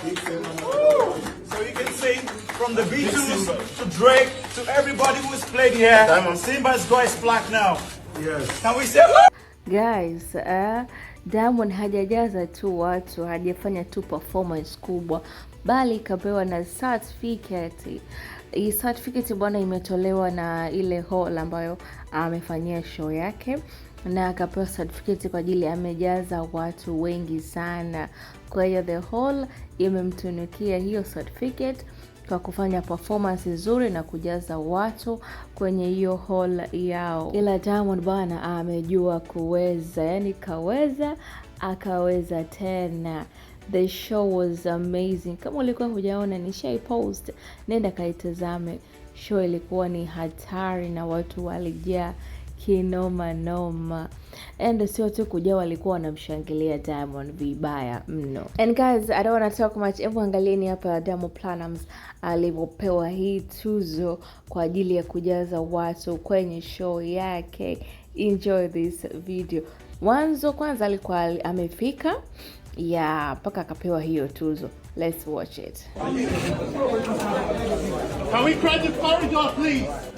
So you can sing from the Beatles to Drake to everybody who's played here. Simba's voice black now. Yes. Can we say Guys, uh, Diamond hajajaza tu watu, hajafanya tu performance kubwa, bali ikapewa na certificate. Hii certificate bwana imetolewa na ile hall ambayo amefanyia show yake na akapewa certificate kwa ajili amejaza watu wengi sana. Kwa hiyo the whole imemtunukia hiyo certificate kwa kufanya performance nzuri na kujaza watu kwenye hiyo hall yao. Ila Diamond bwana amejua kuweza, yani kaweza akaweza tena. The show was amazing. Kama ulikuwa hujaona, nishai post, nenda kaitazame. Show ilikuwa ni hatari na watu walijaa kinoma noma. And sio tu kujaa, walikuwa wanamshangilia Diamond vibaya mno. And guys, I don't want to talk much. Hebu angalieni hapa Diamond Platnumz alivyopewa hii tuzo kwa ajili ya kujaza watu kwenye show yake. Enjoy this video. Mwanzo kwanza alikuwa amefika ya mpaka akapewa hiyo tuzo. Let's watch it. Can we credit the corridor, please?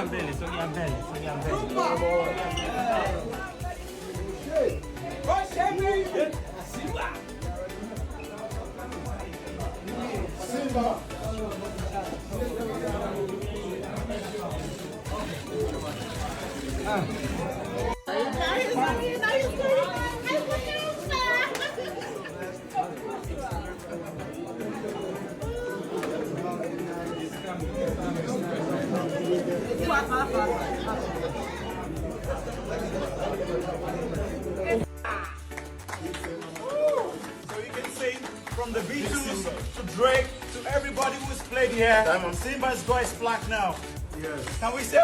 al Vélez, So you can see from the Beatles to Drake to everybody who's played here, Simba's voice is black now. Yes. Can we say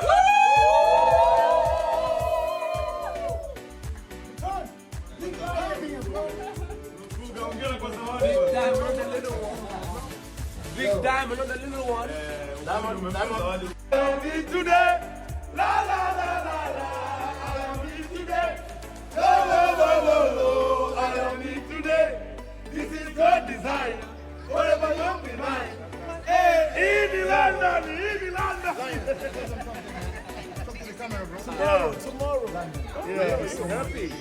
Big diamond, not the little one today. La la la la la. today. today. This is God design. Whatever you be mine. Hey, in London, in London. to the camera, bro. Tomorrow. Tomorrow. so happy.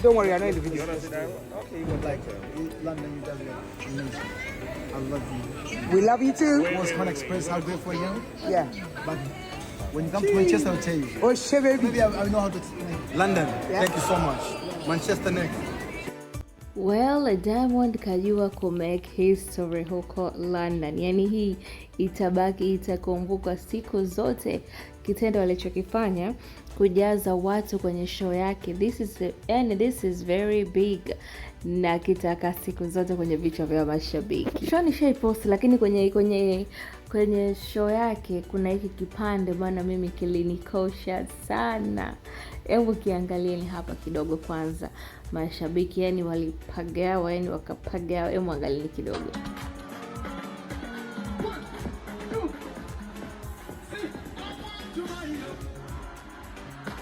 Don't worry, I know the video. Okay, you would like it. London, you just want to. I love you. We love you too. I was can't express how grateful I am. Yeah. But when you come to Manchester, I'll tell you. Oh, she baby. Maybe I, I know how to explain. London. Yeah. Thank you so much. Manchester next. Well, Diamond kajua kumake history huko London. yani hii itabaki itakumbukwa siku zote kitendo alichokifanya kujaza watu kwenye show yake. This is, and this is very big na kitaka siku zote kwenye vichwa vya mashabiki. Show ni share post, lakini kwenye kwenye kwenye show yake kuna hiki kipande bwana, mimi kilinikosha sana. Hebu kiangalieni hapa kidogo kwanza, mashabiki yani walipagawa, yani wakapagawa. Hebu angalieni kidogo.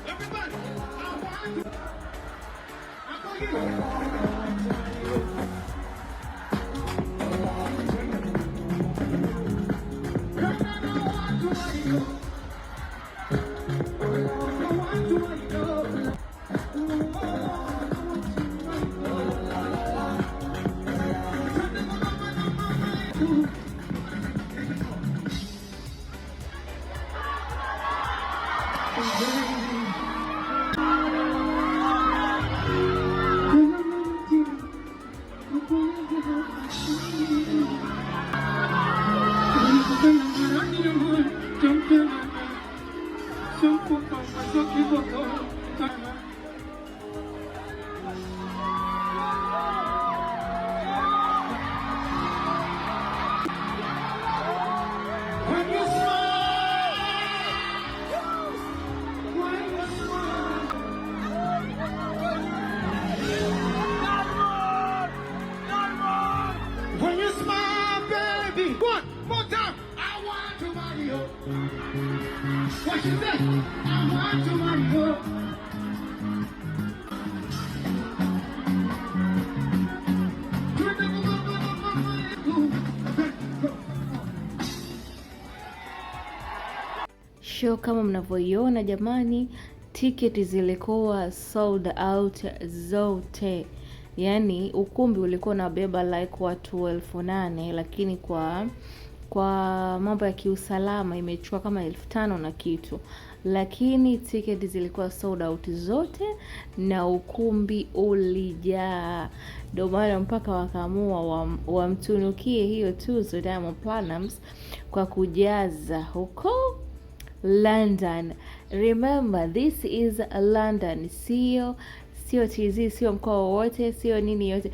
Everybody, I'm going I'm going Show kama mnavyoiona jamani, tiketi zilikuwa sold out zote, yaani ukumbi ulikuwa unabeba like watu elfu nane lakini kwa kwa mambo ya kiusalama imechukua kama elfu tano na kitu, lakini tiketi zilikuwa sold out zote na ukumbi ulijaa. Ndio maana mpaka wakaamua wamtunukie wa hiyo tuzo Diamond Platnumz kwa kujaza huko London. Remember, this is London, sio sio TZ, sio mkoa wowote, sio nini yote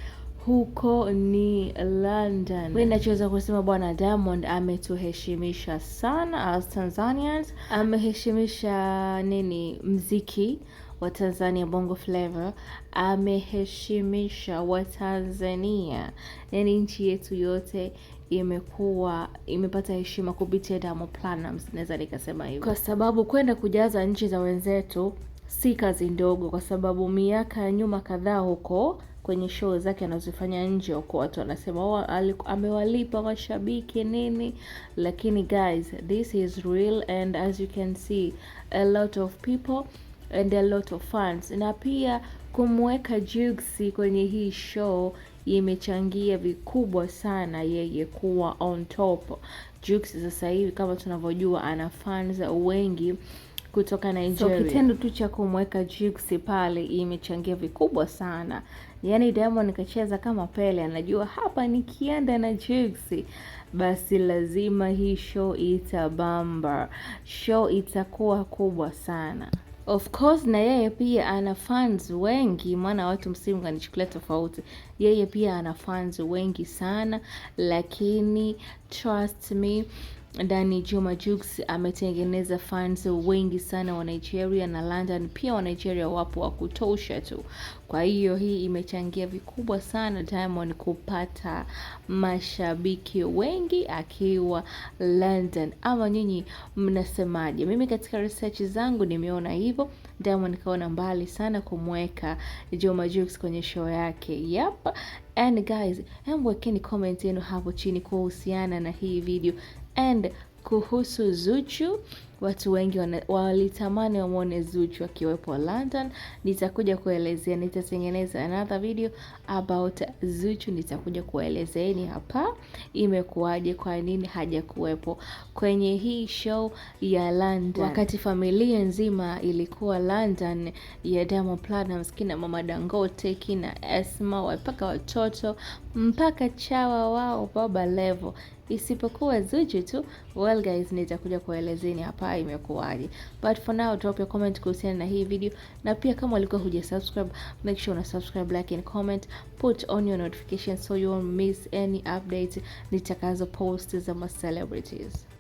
huko ni London. Mi nachoweza kusema bwana Diamond ametuheshimisha sana as Tanzanians, ameheshimisha nini mziki wa Tanzania Bongo Flava ameheshimisha Watanzania, yani nchi yetu yote imekuwa imepata heshima kupitia Diamond Platnumz, naweza nikasema hivyo, kwa sababu kwenda kujaza nchi za wenzetu si kazi ndogo, kwa sababu miaka ya nyuma kadhaa huko kwenye show zake anazofanya nje huko, watu wanasema oh, amewalipa mashabiki nini, lakini guys, this is real and as you can see a lot of people and a lot of fans. Na pia kumweka Jux kwenye hii show imechangia vikubwa sana yeye kuwa on top. Jux sasa hivi kama tunavyojua ana fans wengi kutoka Nigeria. So, kitendo tu cha kumweka Jux pale imechangia vikubwa sana. Yaani Diamond kacheza kama Pele, anajua hapa nikienda na Jux basi lazima hii show itabamba, show itakuwa kubwa sana. Of course na yeye pia ana fans wengi, maana watu msimu kanichukulia tofauti. Yeye pia ana fans wengi sana, lakini trust me ndani Juma Jux ametengeneza fans wengi sana wa Nigeria na London, pia wa Nigeria wapo wa kutosha tu. Kwa hiyo hii imechangia vikubwa sana Diamond kupata mashabiki wengi akiwa London, ama nyinyi mnasemaje? Mimi katika research zangu nimeona hivyo. Diamond kaona mbali sana kumweka Juma Jux kwenye show yake. Yep. And guys, hemwekeni comment yenu hapo chini kuhusiana na hii video. And kuhusu Zuchu, watu wengi walitamani wamwone Zuchu akiwepo London. Nitakuja kuelezea, nitatengeneza another video about Zuchu, nitakuja kuwaelezeeni hapa imekuwaje, kwa nini hajakuwepo kwenye hii show ya London, wakati familia nzima ilikuwa London ya Diamond Platnumz, kina mama Dangote, kina Esma, mpaka watoto, mpaka chawa wao Baba Levo isipokuwa Zuchu tu. Well guys, nitakuja kuelezeni hapa imekuwaje, but for now drop your comment kuhusiana na hii video, na pia kama ulikuwa huja subscribe, make sure una subscribe, like and comment, put on your notification so you won't miss any updates nitakazo post za ma celebrities.